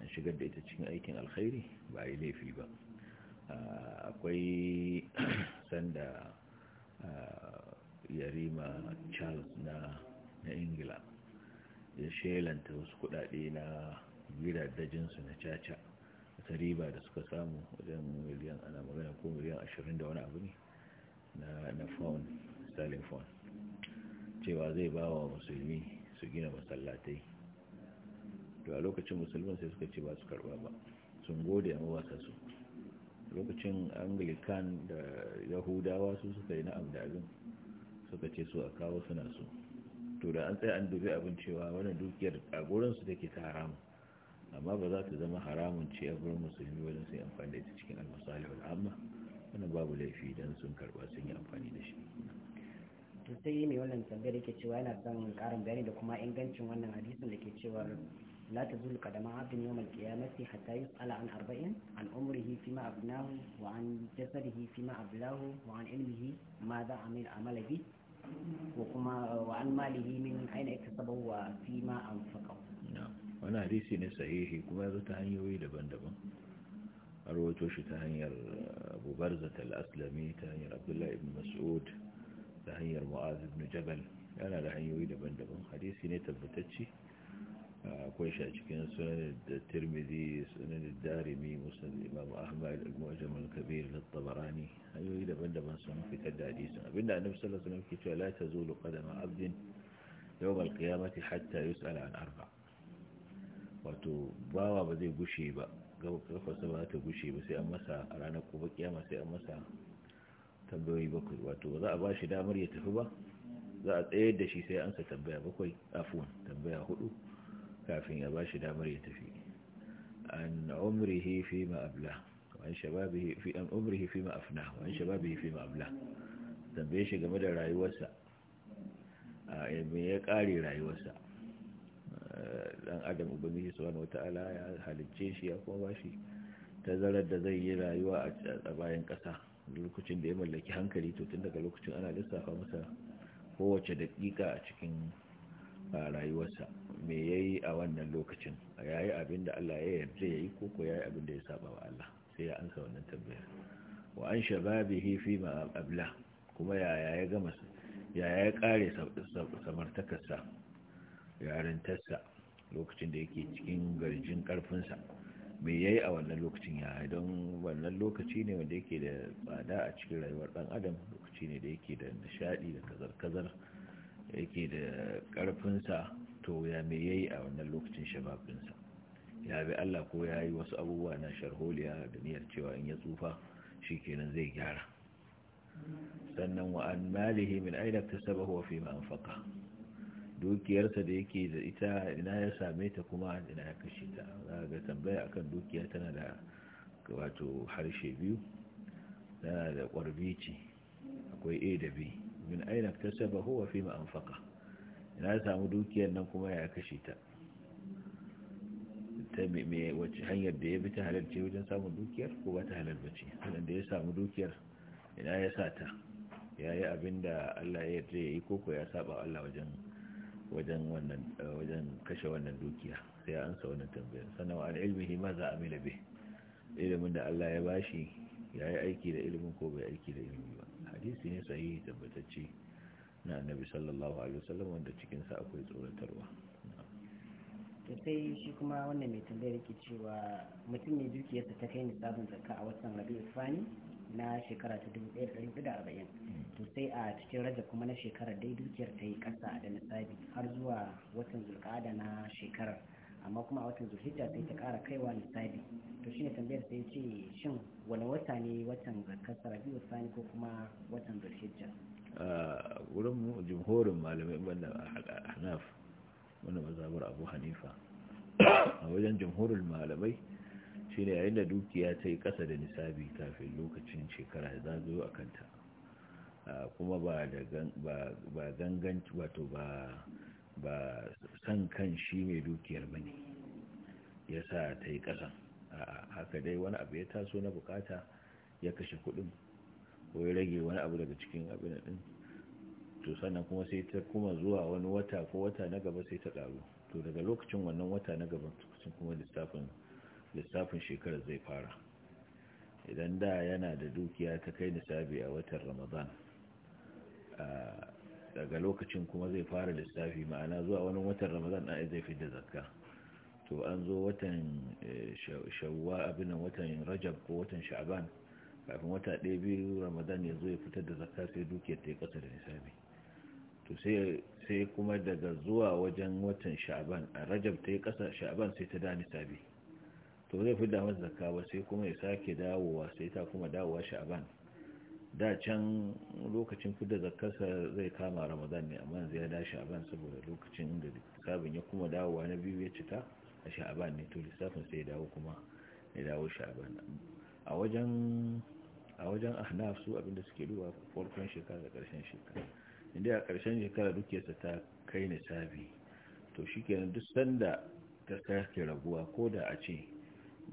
an shigar da ita cikin aikin alkhairi ba yi laifi ba akwai <coughs> sanda yarima charles na ingila ya shelanta wasu kuɗaɗe na gidajensu na caca ta riba da suka samu wajen miliyan ana magana ko miliyan ashirin da wani abu ne na na phone sterling phone cewa zai ba wa musulmi su gina masallatai to a lokacin musulman sai suka ce ba su karba ba sun gode an ba su lokacin anglican da yahudawa su suka yi na'am da abin suka ce su a kawo suna su to da an tsaye an dubi abin cewa wani dukiyar a gurinsu take ta haramu, amma ba za ta zama haramun ce a gurin musulmi wajen sai amfani da ita cikin almasali amma, wani babu laifi don sun karba sun yi amfani da shi to sai mai wannan tambayar yake cewa yana son karin bayani da kuma ingancin wannan hadisin da ke cewa la tazulu qadama abdin yawm al-qiyamati hatta yus'ala an arba'in an umrihi fima abnahu wa an jasadihi fima ablahu wa an ilmihi ma za amil amala bi wa kuma wa an malihi min aina iktasabahu wa fima anfaqahu wani hadisi ne sahihi kuma ya zo ta hanyoyi daban-daban a rawaito shi ta hanyar abubar zata al-aslami ta hanyar abdullahi ibn mas'ud ta hanyar mu'az ibn jabal yana da hanyoyi daban-daban hadisi ne tabbatacce akwai shi a cikin sunan da tirmidhi sunan da darimi musulun imam ahmad al-mu'ajam al-kabir na tabarani hanyoyi daban-daban sun fitar da hadisin abinda annabi sallallahu alaihi wasallam ke cewa la tazulu qadama abdin yawm al-qiyamati hatta yus'ala an arba wato bawa ba zai gushe ba gafarsa ba ta gushe ba sai an masa a ranar kuma kiyama sai an masa tambayoyi bakwai wato ba za a ba shi damar ya tafi ba za a tsayar da shi sai ansa tambaya bakwai afuwan tambaya hudu kafin ya ba shi damar ya tafi an umrihi fi ma abla an shababihi fi an umrihi fi ma afna an shababihi fi ma abla tambaye shi game da rayuwarsa a me ya kare rayuwarsa dan adam ubangiji wani wataala ya halicce shi ya kuma bashi tazarar da zai yi rayuwa a bayan kasa lokacin da ya mallaki hankali to tun daga lokacin ana lissafa masa kowace daƙiƙa a cikin rayuwarsa me ya yi a wannan lokacin ya yi abin da Allah ya yarda ya yi koko ya yi abin da ya saba wa Allah sai ya ansa wannan tambayar wa an shababihi fi ma abla kuma yaya ya gama yaya ya kare samartakarsa yarintarsa lokacin da yake cikin garjin karfinsa me yayi a wannan lokacin ya don wannan lokaci ne wanda yake da tsada a cikin rayuwar ɗan adam lokaci ne da yake da nishaɗi da kazar-kazar yake da karfinsa to ya me yayi a wannan lokacin shababinsa ya bi Allah ko ya yi wasu abubuwa na sharholiya da niyyar cewa in ya tsufa shi kenan zai gyara sannan wa'an malihi min aina sabahu wa fi ma'amfaka dukiyarsa da yake da ita ina ya same ta kuma ina ya kashe ta za ga tambaya akan dukiya tana da wato harshe biyu tana da ƙwarbici akwai a da b min aina ta saba huwa fi ma'amfaka ina ya samu dukiyar nan kuma ya kashe ta ta wacce hanyar da ya bi ta ce wajen samun dukiyar ko ba ta halar bace wadanda ya samu dukiyar ina ya sa ta ya yi abin da allah ya yarda ya ko ya saba allah wajen Eh, wajen kashe wannan dukiya sai an sa wannan tambayar sannan wa al’ilmihi za ma za mila be ilimin da Allah ya bashi ya yi aiki da ilimin ko bai aiki da ilimi ba hadisi ne sahihi tabbatacce na annabi sallallahu alaihi wasallam wanda cikin akwai tsoratarwa to sai shi kuma wannan mai tambayar yake cewa mutum ne dukiyarsa ta kai ni sabon zakka a watan Rabiul Thani na shekara ta arba'in to sai a cikin rajab kuma na shekarar dai dukiyar ta yi ƙasa da nisabi har zuwa watan zulƙada na shekarar amma kuma a watan zulhijja sai ta ƙara kaiwa nisabi to shine tambayar sai ce shin wani wata ne watan zakar sarabi sani ko kuma watan zulhijja a wurin jimhorin malamai banda a hanaf wani mazabar abu hanifa a wajen jimhorin malamai shi ne yayin da dukiya ta yi kasa da nisabi kafin lokacin shekara ya zagayo a kanta kuma ba ganganci wato ba san kan shi mai dukiyar ba ne ya sa ta yi kasa haka dai wani abu ya taso na bukata ya kashe kudin ko ya rage wani abu daga cikin abin din to sannan kuma sai ta kuma zuwa wani wata ko wata na gaba sai ta karu to daga lokacin wannan wata na gaba kuma lissafin lissafin shekarar zai fara idan da yana da dukiya ta kai nisabi a watan ramadan daga lokacin kuma zai fara lissafi ma'ana zuwa wani watan ramadan ɗaya zai fi da zakka to an zo watan e, shawwa abinan watan rajab ko watan sha'aban kafin wata ɗaya biyu ramadan ya zo ya fitar da zakka sai dukiyar ta yi ƙasa da nisabi to sai kuma daga zuwa wajen watan sha'aban a rajab ta yi ƙasa sha'aban sai ta da nisabi to zai fi damar zakka ba sai kuma ya sake dawowa sai ta kuma dawowa sha'aban da can lokacin fidda zakkarsa zai kama ramadan ne amma zai da sha'aban saboda lokacin da sabin ya kuma dawowa na biyu ya cika a sha'aban ne to lissafin sai ya dawo kuma ya dawo sha'aban a wajen a wajen ahnaf su abinda suke duba farkon shekara da karshen shekara inda a karshen shekara yasa ta kai nisabi to shi shikenan duk sanda ta sake raguwa ko da a ce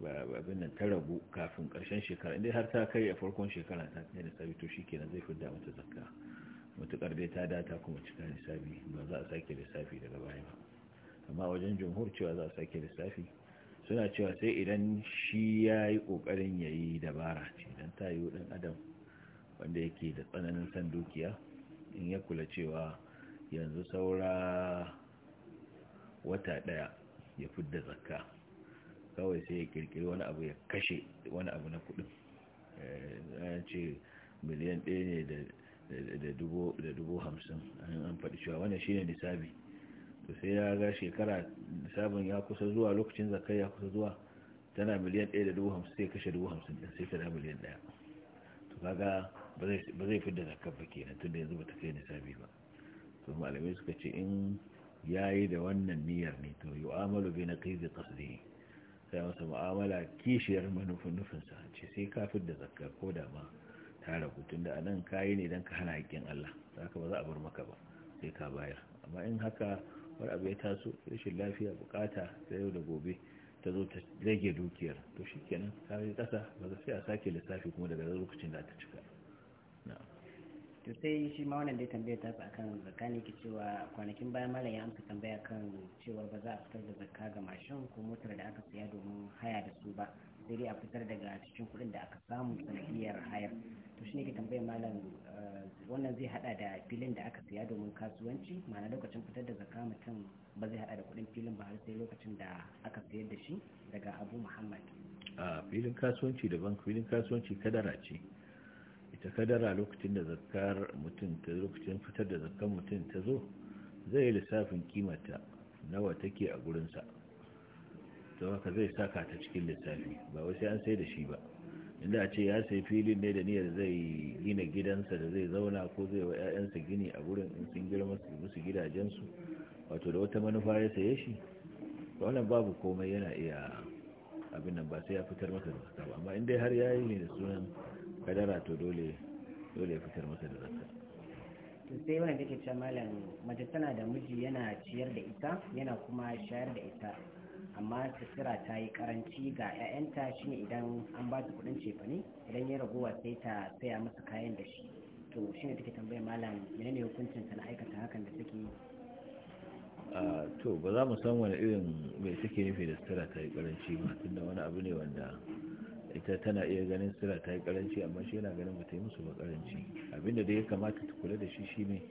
abin nan ta rabu kafin ƙarshen shekara inda har ta kai a farkon shekara ta kai da sabi to shi kenan zai fidda mata zakka matuƙar dai ta data kuma cika lissafi ba za a sake lissafi daga baya ba amma wajen jumhur cewa za a sake lissafi suna cewa sai idan shi ya yi ƙoƙarin ya yi dabara ce don ta yi ɗan adam wanda yake da tsananin san dukiya in ya kula cewa yanzu saura wata ɗaya ya fidda zakka kawai sai ya kirkiri wani abu ya kashe wani abu na kudin ya eh, ce miliyan ɗaya ne da dubu hamsin an faɗi cewa wannan shine nisabi to sai ya ga shekara nisabin ya kusa zuwa lokacin zakai ya kusa zuwa tana miliyan ɗaya da dubu hamsin sai kashe dubu hamsin ɗin sai tana miliyan ɗaya to kaga ba zai fi da zakar ba kenan tun da yanzu ba ta kai nisabi ba to malamai suka ce in ya yi da wannan niyyar ne to yu'amalu bi da tasiri sai masa mu'amala kishiyar manufin nufinsa ce sai kafin da zakar ko da ma ta kutun da anan kayi ne don ka hana haƙƙin Allah za ka ba za a bar maka ba sai ka bayar amma in haka wani abu ya taso rashin lafiya bukata ta yau da gobe ta zo ta rage dukiyar to shi kenan ta yi ƙasa ba za sai a sake lissafi kuma daga lokacin da ta cika to sai shi ma wannan dai tambayar ta kan zakka ne ke cewa kwanakin bayan malam ya amsa tambaya kan cewa ba za a fitar da zakka ga mashin ko motar da aka siya domin haya da su ba sai dai a fitar daga cikin kuɗin da aka samu sanadiyar hayar to shi ne ke tambayar malam eh, wannan zai haɗa da filin da aka siya domin kasuwanci ma'ana lokacin fitar da zakka mutum ba zai hada da kuɗin filin ba har sai lokacin da aka sayar da shi daga abu muhammad a ah, filin kasuwanci daban filin kasuwanci kadara ce ita kadara lokacin da zakar mutum ta lokacin fitar da zakar mutum ta zo zai yi lissafin kimata nawa take a gurinsa don haka zai saka ta cikin lissafi ba wasu an sai da shi ba inda a ce ya sai filin ne da niyyar zai gina gidansa da zai zauna ko zai wa 'ya'yansa gini a gurin in sun girma su musu gidajensu wato da wata manufa ya saye shi wannan babu komai yana iya abin nan ba sai ya fitar masa da ba amma in dai har yi ne da sunan kadara to dole dole ya fitar masa da zakka to sai wanda take ta malam mace tana da miji yana ciyar da ita yana kuma shayar da ita amma tsira ta yi karanci ga 'ya'yanta shine idan an ba su kudin cefane idan ya ragowa sai ta saya musu kayan da shi to shine take tambayar malam menene hukuncin ta na aikata hakan da take yi to ba za mu san wani irin mai take nufi da sutura ta yi karanci ba tunda wani abu ne wanda ita tana iya ganin sila ta yi karanci amma shi yana ganin bata yi musu ba karanci abinda da ya kamata ta kula da shi shine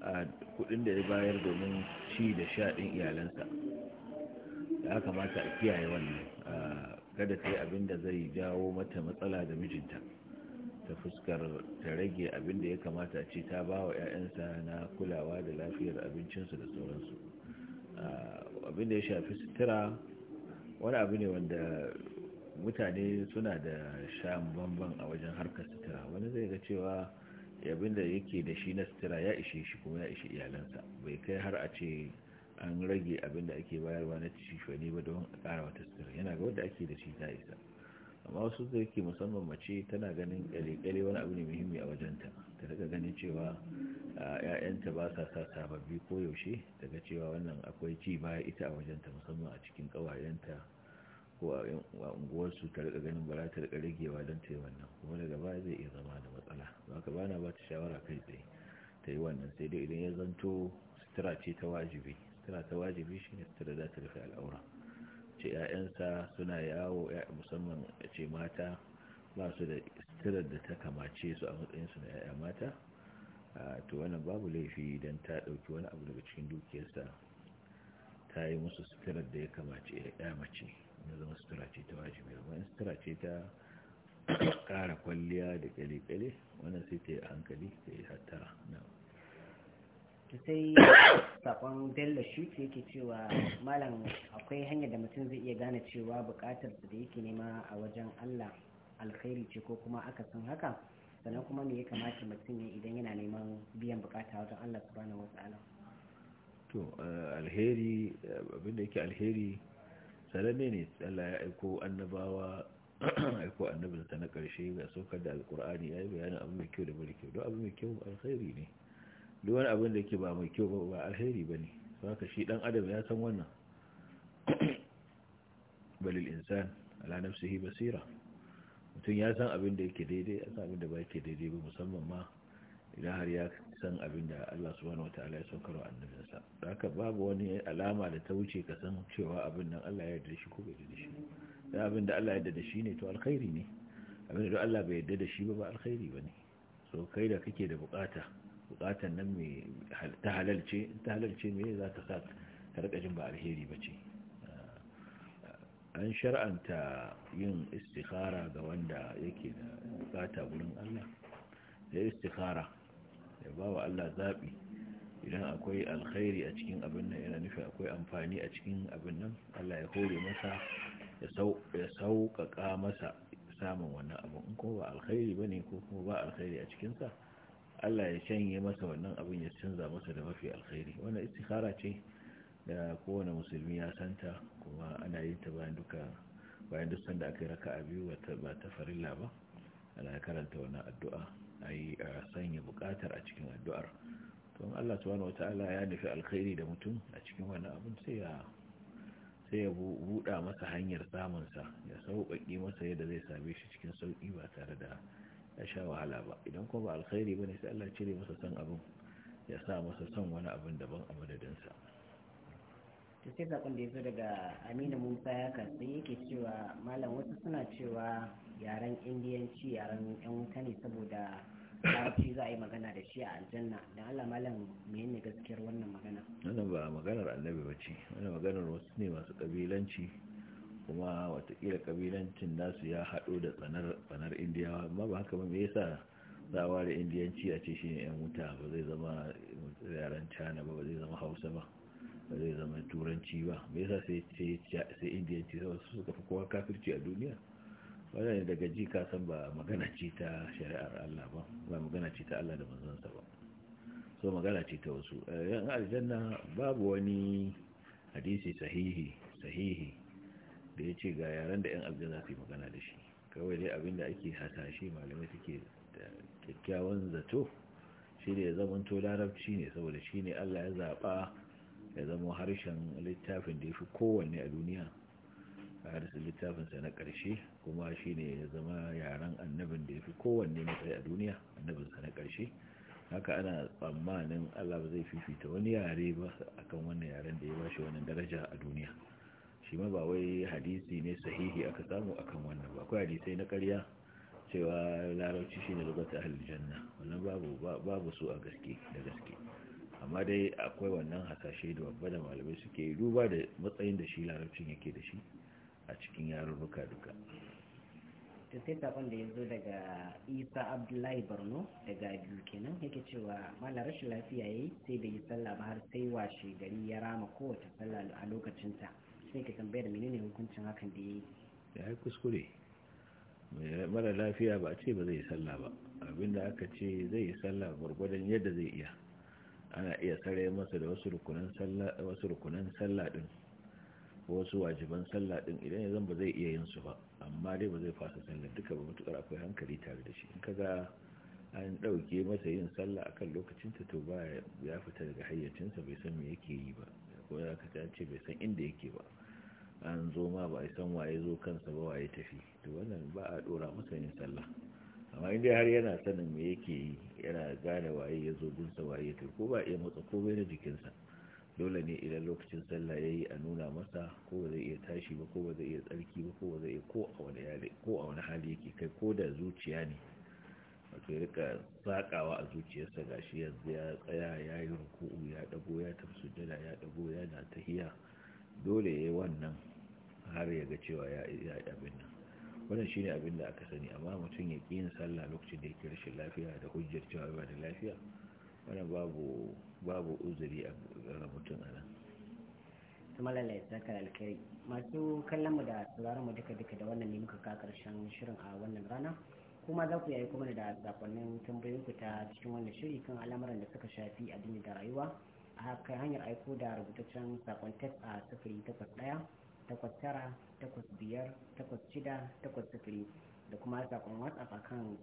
a kudin da ya bayar domin ci da sha din iyalansa ya kamata a kiyaye wannan kada ta yi abinda zai jawo mata matsala da mijinta ta fuskar ta rage abinda ya kamata a ce ta ba wa 'ya'yansa na kulawa da lafiyar abincinsu da sauransu abinda ya shafi sutura wani abu ne wanda mutane suna da shan bamban a wajen harkar sutura wani zai ga cewa abinda yake da shi na sutura ya ishe shi kuma ya ishe iyalansa bai kai har a ce an rage abin da ake bayarwa na cishoni ba don a kara wata sutura yana ga wadda ake da shi ta isa amma wasu da yake musamman mace tana ganin ƙyale wani abu ne muhimmi a wajenta ta daga ganin cewa ‘ya'yanta ba sa sa sababbi ko yaushe daga cewa wannan akwai ci baya ita a wajenta musamman a cikin kawayenta ko a unguwarsu ta rika ganin ba za ta rika ragewa don ta yi wannan kuma daga ba zai iya zama da matsala ba ka bana ba ta shawara kai tsaye ta yi wannan sai dai idan ya zanto sutura ce ta wajibi sutura ta wajibi shi ne sutura za ta rufe al'aura ce 'ya'yansa suna yawo musamman ce mata ba su da suturar da ta kamace su a matsayinsu na 'ya'ya mata to wannan babu laifi idan ta ɗauki wani abu daga cikin dukiyarsa ta yi musu suturar da ya kamace 'ya'ya mace ya zama sutura ce ta wajibi amma in sutura ce ta ƙara kwalliya da ƙyale-ƙyale sai ta yi hankali ta yi hattara na ta sai sakon bello ke yake cewa malam akwai hanyar da mutum zai iya gane cewa bukatar da yake nema a wajen allah alkhairi ce ko kuma san haka sannan kuma ne ya kamata mutum ya idan yana neman biyan bukata wajen allah subhanahu wa ta'ala to eh, alheri eh, abinda yake alheri sarame ne Allah ya aiko annabawa <clears throat> aiko annabinsa na ƙarshe ga saukar da alkur'ani ya yi bayanin abu mai kyau da mai kyau don abu mai kyau alkhairi ne duk wani abin da ke ba mai kyau ba alkhairi ba ne su haka shi ɗan adam ya san wannan <clears throat> balil insan ala nafsihi basira mutum ya san abin da yake daidai ya san abin da ba yake daidai ba musamman ma idan har ya san abin da Allah subhanahu wataala ya saukar wa annabinsa haka babu wani alama da ta wuce ka san cewa abin nan Allah ya yarda shi ko bai yarda shi da abin da Allah ya yarda da shi ne to alkhairi ne abin da Allah bai yarda da shi ba ba alkhairi so kai da kake da bukata bukatan nan mai ta halalce ta halalce me za ta sa ka rika jin ba alheri bace ah, an shar'anta yin istikhara ga wanda yake da bukata gurin Allah da istikhara ya ba wa Allah zaɓi idan akwai alkhairi a cikin abin nan yana nufi akwai amfani a cikin abin nan Allah ya hore masa ya sauƙaƙa masa samun wannan abin ko ba alkhairi ba ne ko kuma ba alkhairi a cikinsa Allah ya canye masa wannan abin ya canza masa da mafi alkhairi wannan istikhara ce da kowane musulmi ya santa kuma ana yin ta bayan duka bayan duk sanda aka yi raka'a biyu ba ta farilla ba ana karanta wannan addu'a a yi a sanya bukatar a cikin addu'ar to Allah subhanahu wata'ala ya nufi alkhairi da mutum a cikin wani abin sai ya sai buɗa masa hanyar samun sa ya sauƙaƙi masa yadda zai same shi cikin sauki ba tare da ya sha wahala ba idan kuma ba alkhairi ba ne sai Allah cire masa son abin ya sa masa son wani abin daban a madadinsa to sai zaɓin da ya zo daga aminu musa ya katsi yake cewa malam wasu suna cewa yaren indiyanci yaren yan wuta ne saboda larabci za a yi magana da shi a aljanna don allah malam ne gaskiyar wannan magana wannan ba maganar annabi ba ce wannan maganar wasu ne masu kabilanci kuma watakila kabilancin nasu ya haɗo da tsanar indiyawa amma ba haka ba me yasa za a indiyanci a ce shi ne yan wuta ba zai zama yaren cana ba ba zai zama hausa ba ba zai zama turanci ba me yasa sai indiyanci su suka fi kowa kafirci a duniya wannan daga ji ka san ba magana ce ta shari'ar Allah ba ba magana ce ta Allah da manzansa ba so magana ce ta wasu yan eh, aljanna babu wani hadisi sahihi sahihi da ya ce ga yaren da yan aljanna su magana da shi kawai dai abin da ake hasashe malamai suke da kyakkyawan zato shi ne ya to larabci ne saboda shi ne Allah ya zaba ya zama harshen littafin da ya fi kowanne a duniya a harsun littafinsa na karshe kuma shine ya zama yaren annabin da ya fi kowanne matsayi a duniya annabinsa na karshe haka ana tsammanin allah ba zai fifita wani yare ba akan wannan yaren da ya bashi shi wannan daraja a duniya shi ma ba wai hadisi ne sahihi aka samu akan wannan ba akwai hadisai na ƙarya cewa larabci shi ne lugata aljanna wannan babu babu su a gaske da gaske amma dai akwai wannan hasashe da babba da malamai suke duba da matsayin da shi larabcin yake da shi a cikin yarurruka duka ta sai sakon da ya zo daga isa abdullahi borno daga biyu kenan yake cewa mala rashin lafiya yayi sai da yi sallah ba har sai washe gari ya rama kowace sallah a lokacinta sai ka tambayar menene hukuncin hakan da yayi yi. ya kuskure eh, mara lafiya ba ce ba zai yi sallah ba abinda aka ce zai yi sallah gwargwadon yadda zai iya ana iya tsare masa da wasu rukunan sallah din wasu wajiban sallah din idan ya zan ba zai iya yin su ba amma dai ba zai fasa sallah duka ba mutukar akwai hankali tare da shi in kaga an dauke masa yin sallah akan lokacin ta to ba ya fita daga hayyacinsa bai san me yake yi ba ko ya ka ce bai san inda yake ba an zo ma ba a san waye zo kansa ba waye tafi to wannan ba a dora masa yin sallah amma inda har yana sanin me yake yi yana gane waye ya zo gunsa waye ya ko ba iya motsa komai na jikinsa dole ne idan lokacin sallah ya yi a nuna masa ko ba zai iya tashi ba ko ba zai iya tsarki ba ko ba zai iya ko a wani hali yake kai ko da zuciya ne wato ya rika sakawa a zuciyarsa ga yanzu ya tsaya ya yi ruku'u ya dago ya tafi sujjada ya dago yana tahiya dole ya yi wannan har ya ga cewa ya yi abin nan wannan shine abin da aka sani amma mutum ya ƙi yin sallah lokacin da yake rashin lafiya da hujjar cewa ba da lafiya wani babu uzuri a mutum ana su malalai zakar alkari masu kallon mu da sauraron mu duka duka da wannan ne kaka karshen shirin a wannan rana kuma za ku yayi kuma da zakonnin tambayinku ta cikin wannan shiri kan al'amuran da suka shafi addini da rayuwa a kan hanyar aiko da rubutaccen sakon tek a sifiri takwas ɗaya takwas tara takwas biyar takwas shida takwas sifiri da kuma sakon whatsapp akan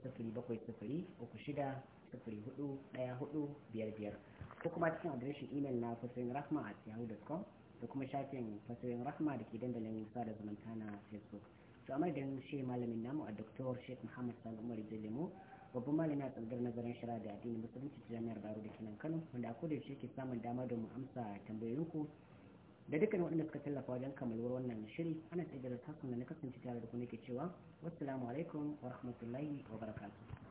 biyar. ko kuma cikin adireshin imel na fasirin rahma a yahoo.com da kuma shafin fasirin rahma da ke dandalin sada zumunta na facebook to amma da shi malamin namu a doktor sheikh muhammad Salim umar lemo babban malami a tsangar nazarin shara da addinin musulunci ta jami'ar baro da kenan kano wanda a kodayaushe ke samun dama domin mu amsa tambayoyinku da dukkan waɗanda suka tallafa wajen kamalwar wannan shiri ana tsaye da tasu da na kasance tare da ku nake cewa wassalamu alaikum wa rahmatullahi wa barakatuh